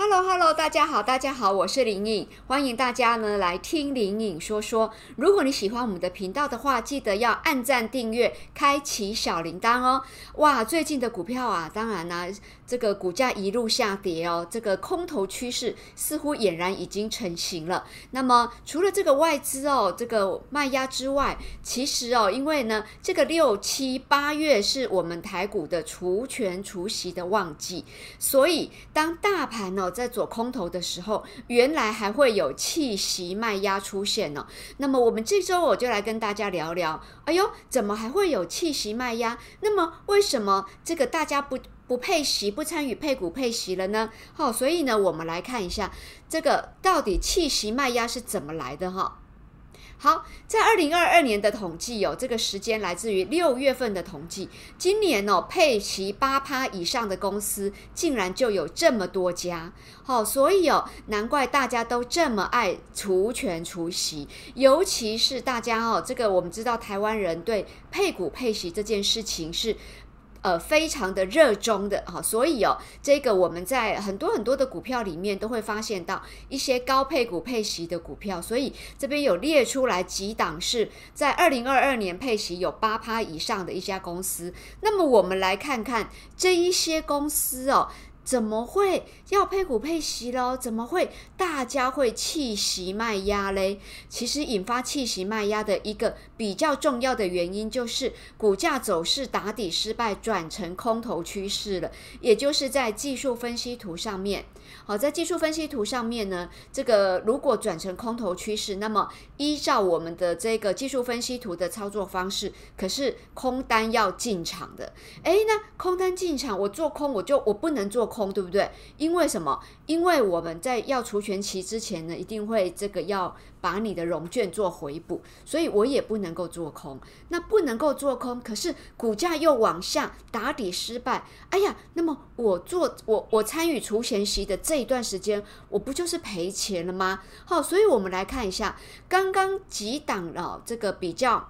Hello Hello，大家好，大家好，我是林穎，歡迎大家呢來聽林穎說說。如果你喜歡我們的頻道的話，記得要按讚、訂閱、開啟小鈴鐺哦。哇，最近的股票啊，當然呢、啊。這個股價一路下跌哦，這個空頭趨勢似乎儼然已經成型了。那麼除了這個外資哦這個賣壓之外，其實哦，因為呢，這個六七八月是我們台股的除權除息的旺季，所以當大盤哦在做空頭的時候，原來還會有棄息賣壓出現呢、哦。那麼我們這周我就來跟大家聊聊，哎呦，怎麼還會有棄息賣壓？那麼為什麼這個大家不？不配息，不參與配股配息了呢？好、哦，所以呢，我們來看一下這個到底棄息賣壓是怎麼來的、哦？哈，好，在二零二二年的統計有、哦、這個時間來自於六月份的統計。今年哦，配息八趴以上的公司竟然就有這麼多家。好、哦，所以哦，難怪大家都這麼愛除權除息，尤其是大家哦，這個我們知道台灣人對配股配息這件事情是。呃，非常的熱衷的哈、哦，所以哦，這個我們在很多很多的股票裡面都會發現到一些高配股配息的股票，所以這邊有列出來幾檔是在二零二二年配息有八趴以上的一家公司。那麼我們來看看這一些公司哦。怎麼會要配股配息咯，怎麼會大家會棄息賣壓嘞？其實引發棄息賣壓的一個比較重要的原因，就是股價走勢打底失敗，轉成空頭趨勢了。也就是在技術分析圖上面，好，在技術分析圖上面呢，這個如果轉成空頭趨勢，那麼依照我們的這個技術分析圖的操作方式，可是空單要進場的。哎，那空單進場，我做空我就我不能做空。空對不對？因為什麼？因為我們在要除權息之前呢，一定會這個要把你的融券做回補，所以我也不能夠做空。那不能夠做空，可是股價又往下打底失敗，哎呀，那麼我做我我參與除權息的這一段時間，我不就是賠錢了嗎？好，所以我們來看一下剛剛幾檔了，這個比較。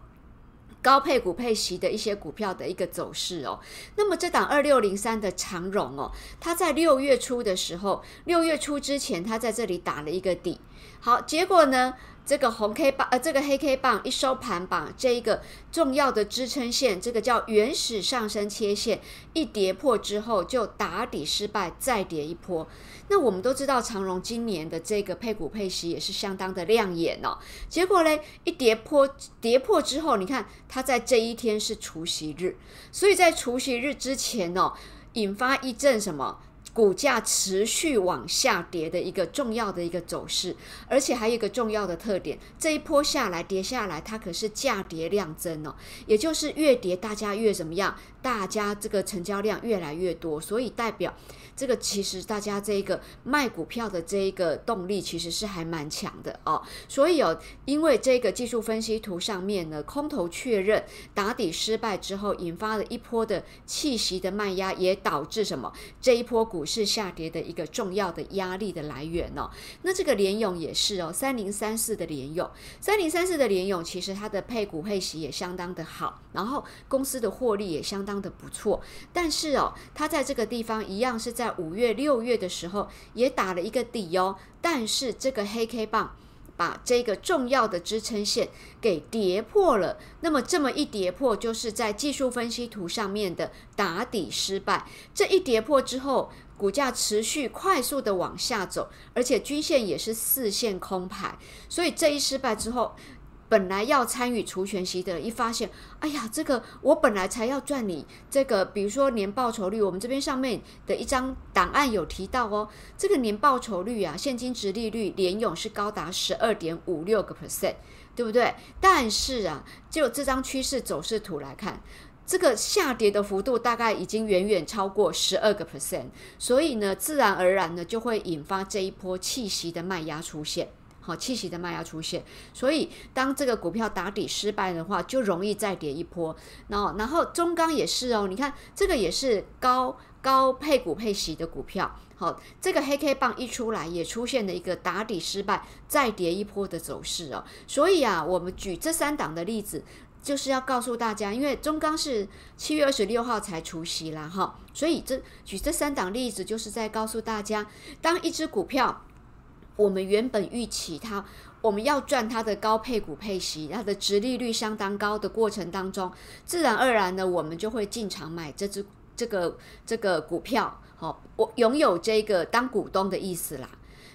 高配股配息的一些股票的一個走勢哦，那麼這檔二六零三的長榮哦，它在六月初的時候，六月初之前它在這裡打了一個底，好，結果呢？這個紅 K 棒呃，這個黑 K 棒一收盤棒，這一個重要的支撐線，這個叫原始上升切線，一跌破之後就打底失敗，再跌一波。那我們都知道長榮今年的這個配股配息也是相當的亮眼哦。結果嘞，一跌破，跌破之後，你看它在這一天是除息日，所以在除息日之前哦，引發一陣什麼？股價持續往下跌的一個重要的一個走勢，而且還有一個重要的特點，這一波下來跌下來，它可是價跌量增哦，也就是越跌大家越怎麼樣，大家這個成交量越來越多，所以代表這個其實大家這一個賣股票的這一個動力其實是還蠻強的哦。所以哦，因為這個技術分析圖上面呢，空頭確認打底失敗之後，引發了一波的棄息的賣壓，也導致什麼這一波股。是下跌的一個重要的壓力的來源哦，那這個聯詠也是哦，三零三四的聯詠，三零三四的聯詠其實它的配股配息也相當的好，然後公司的獲利也相當的不錯，但是哦，它在這個地方一樣是在五月、六月的時候也打了一個底哦，但是這個黑 K 棒。把這個重要的支撐線給跌破了，那麼這麼一跌破，就是在技術分析圖上面的打底失敗。這一跌破之後，股價持續快速的往下走，而且均線也是四線空排。所以這一失敗之後。本來要參與除權息的，一發現，哎呀，這個我本來才要賺你這個，比如說年報酬率，我們這邊上面的一張檔案有提到哦，這個年報酬率啊，現金殖利率聯詠是高達十二點五六個 percent，對不對？但是啊，就這張趨勢走勢圖來看，這個下跌的幅度大概已經遠遠超過十二個 percent，所以呢，自然而然呢，就會引發這一波棄息的賣壓出現。好，棄、哦、息的賣壓出現，所以當這個股票打底失敗的話，就容易再跌一波。那然，然後中鋼也是哦，你看這個也是高高配股配息的股票，好、哦，這個黑 K 棒一出來，也出現了一個打底失敗、再跌一波的走勢哦。所以啊，我們舉這三檔的例子，就是要告訴大家，因為中鋼是七月二十六號才除息啦，哈、哦，所以這舉這三檔例子，就是在告訴大家，當一隻股票，我們原本預期它，我們要賺它的高配股配息，它的殖利率相當高的過程當中，自然而然呢，我們就會進場買這支這個這個股票，好、哦，我擁有這個當股東的意思啦。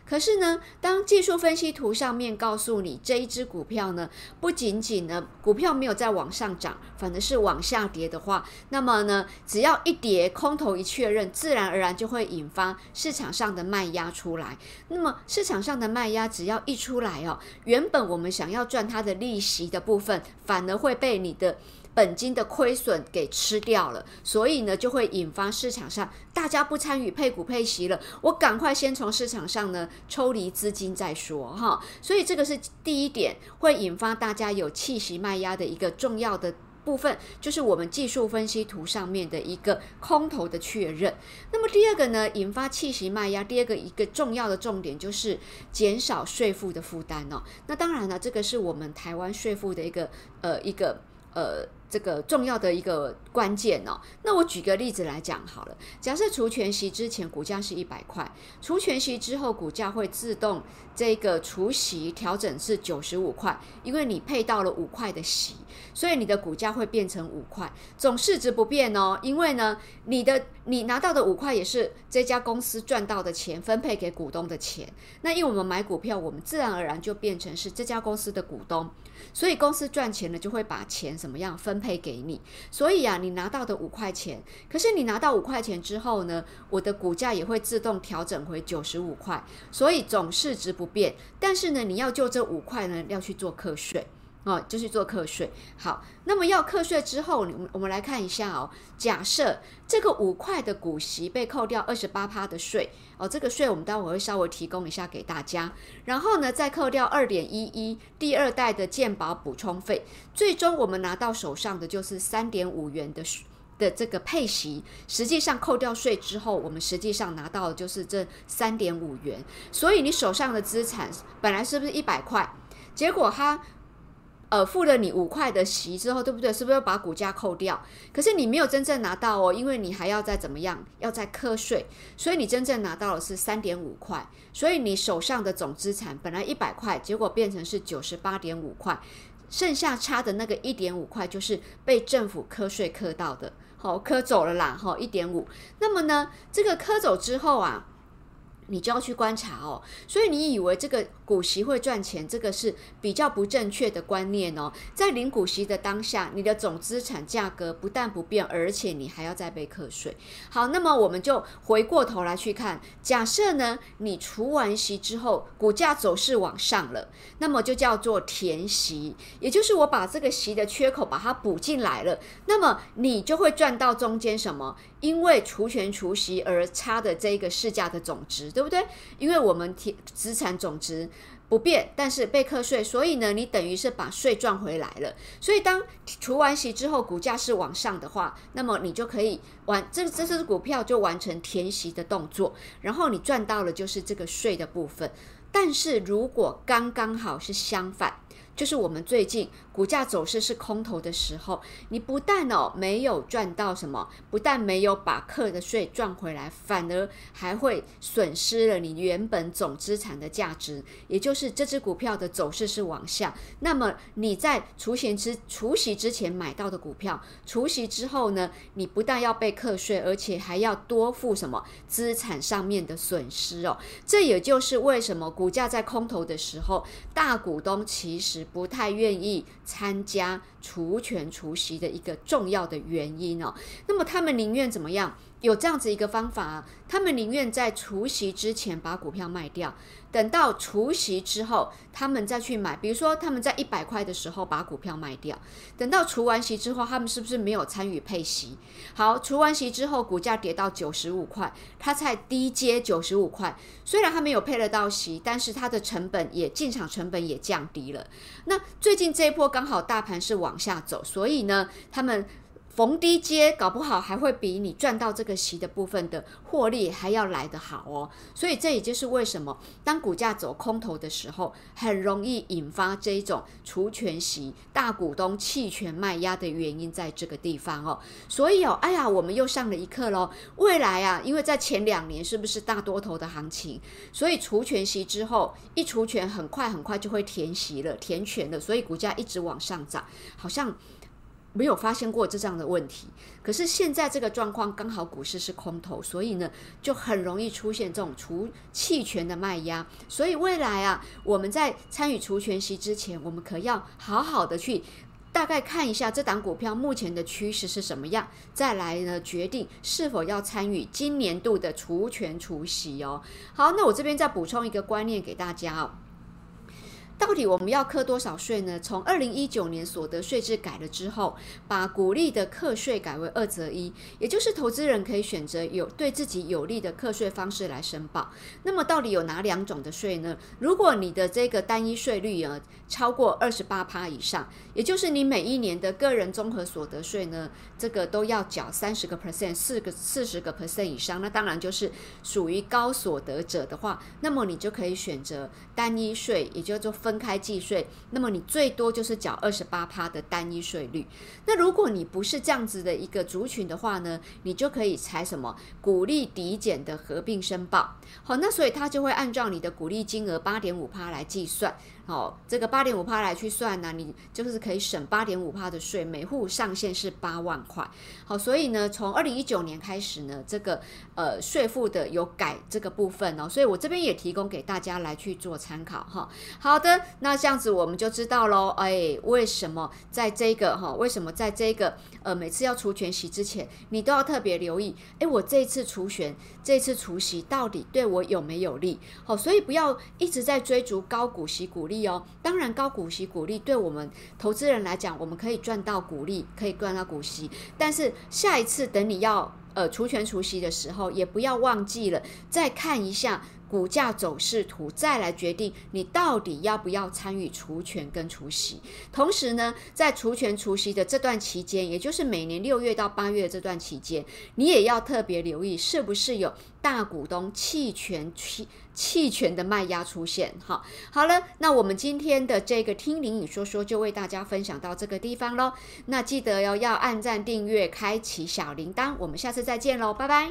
可是呢，當技術分析圖上面告訴你這一隻股票呢，不僅僅呢股票沒有再往上漲，反而是往下跌的話，那麼呢，只要一跌，空頭一確認，自然而然就會引發市場上的賣壓出來。那麼市場上的賣壓只要一出來哦，原本我們想要賺它的利息的部分，反而會被你的。本金的虧損給吃掉了，所以呢，就會引發市場上大家不參與配股配息了。我趕快先從市場上呢抽離資金再說哈。所以這個是第一點，會引發大家有棄息賣壓的一個重要的部分，就是我們技術分析圖上面的一個空頭的確認。那麼第二個呢，引發棄息賣壓，第二個一個重要的重點就是減少稅負的負擔哦。那當然了，這個是我們台灣稅負的一個呃一個呃。這個重要的一個關鍵哦，那我舉個例子來講好了。假設除權息之前股價是一百塊，除權息之後股價會自動這個除息調整至九十五塊，因為你配到了五塊的息，所以你的股價會變成五塊，總市值不變哦，因為呢你的。你拿到的五塊也是這家公司賺到的錢分配給股東的錢。那因為我們買股票，我們自然而然就變成是這家公司的股東，所以公司賺錢呢就會把錢怎麼樣分配給你。所以啊，你拿到的五塊錢，可是你拿到五塊錢之後呢，我的股價也會自動調整回九十五塊，所以總市值不變。但是呢，你要就這五塊呢要去做課稅。哦，就是做課稅。好，那麼要課稅之後，我們來看一下哦。假設這個五塊的股息被扣掉二十八趴的稅，哦，這個稅我們待會我會稍微提供一下給大家。然後呢，再扣掉二點一一第二代的健保補充費，最終我們拿到手上的就是三點五元的的這個配息。實際上扣掉稅之後，我們實際上拿到的就是這三點五元。所以你手上的資產本來是不是一百塊？結果它呃，付了你五塊的息之後，對不對？是不是要把股價扣掉？可是你沒有真正拿到哦，因為你還要再怎麼樣，要再課稅，所以你真正拿到的是三點五塊。所以你手上的總資產本來一百塊，結果變成是九十八點五塊，剩下差的那個一點五塊就是被政府課稅課到的，好、哦，課走了啦，好、哦，一點五。那麼呢，這個課走之後啊，你就要去觀察哦。所以你以為這個。股息會賺錢，這個是比較不正確的觀念哦。在領股息的當下，你的總資產價格不但不變，而且你還要再被課稅。好，那麼我們就回過頭來去看，假設呢，你除完息之後，股價走勢往上了，那麼就叫做填息，也就是我把這個息的缺口把它補進來了，那麼你就會賺到中間什麼？因為除權除息而差的這個市價的總值，對不對？因為我們填資產總值。不變，但是被課稅，所以呢，你等於是把稅賺回來了。所以當除完息之後，股價是往上的話，那麼你就可以完這這支股票就完成填息的動作，然後你賺到了就是這個稅的部分。但是如果剛剛好是相反。就是我們最近股價走勢是空頭的時候，你不但哦沒有賺到什麼，不但沒有把課的稅賺回來，反而還會損失了你原本總資產的價值。也就是這只股票的走勢是往下，那麼你在除息之除息之前買到的股票，除息之後呢，你不但要被課稅，而且還要多付什麼資產上面的損失哦。這也就是為什麼股價在空頭的時候，大股東其實。不太願意參加。除權除息的一個重要的原因哦，那麼他們寧願怎麼樣？有這樣子一個方法啊，他們寧願在除息之前把股票賣掉，等到除息之後，他們再去買。比如說，他們在一百塊的時候把股票賣掉，等到除完息之後，他們是不是沒有參與配息？好，除完息之後，股價跌到九十五塊，它才低接九十五塊。雖然它沒有配得到息，但是它的成本也進場成本也降低了。那最近這一波剛好大盤是往往下走，所以呢，他們，逢低接，搞不好還會比你賺到這個息的部分的獲利還要來得好哦。所以這也就是為什麼當股價走空頭的時候，很容易引發這種除權息大股東棄權賣壓的原因，在這個地方哦。所以，哦，哎呀，我們又上了一課嘍。未來啊，因為在前兩年是不是大多頭的行情，所以除權息之後一除權，很快很快就會填息了，填權了，所以股價一直往上漲，好像。沒有發現過這樣的問題，可是現在這個狀況剛好股市是空頭，所以呢，就很容易出現這種除棄權的賣壓，所以未來啊，我們在參與除權息之前，我們可要好好的去大概看一下這檔股票目前的趨勢是什麼樣，再來呢，決定是否要參與今年度的除權除息哦。好，那我這邊再補充一個觀念給大家哦。到底我們要課多少稅呢？從二零一九年所得稅制改了之後，把股利的課稅改為二擇一，也就是投資人可以選擇有對自己有利的課稅方式來申報。那麼到底有哪兩種的稅呢？如果你的這個單一稅率啊超過二十八趴以上，也就是你每一年的個人綜合所得稅呢，這個都要繳三十個 percent、四個四十個 percent 以上，那當然就是屬於高所得者的話，那麼你就可以選擇單一稅，也就是分。分開計稅，那麼你最多就是繳二十八趴的單一稅率。那如果你不是這樣子的一個族群的話呢，你就可以採什麼股利抵減的合併申報。好，那所以他就會按照你的股利金額八點五趴來計算。好、哦，這個八點五趴來去算呢、啊，你就是可以省八點五趴的稅，每戶上限是八萬塊。好、哦，所以呢，從二零一九年開始呢，這個呃稅負的有改這個部分哦，所以我這邊也提供給大家來去做參考哈、哦。好的，那這樣子我們就知道嘍。哎、欸，為什麼在這個哈、哦？為什麼在這個呃每次要除權息之前，你都要特別留意？哎、欸，我這次除權這次除息到底對我有沒有利？好、哦，所以不要一直在追逐高股息股利。哦，當然高股息股利對我們投資人來講，我們可以賺到股利，可以賺到股息。但是下一次等你要呃除權除息的時候，也不要忘記了再看一下。股價走勢圖再來決定你到底要不要參與除權跟除息。同時呢，在除權除息的這段期間，也就是每年六月到八月這段期間，你也要特別留意是不是有大股東棄權棄棄權的賣壓出現。好，好了，那我們今天的這個聽林穎說說就為大家分享到這個地方嘍。那記得要，要按讚、訂閱、開啟小鈴鐺。我們下次再見嘍，拜拜。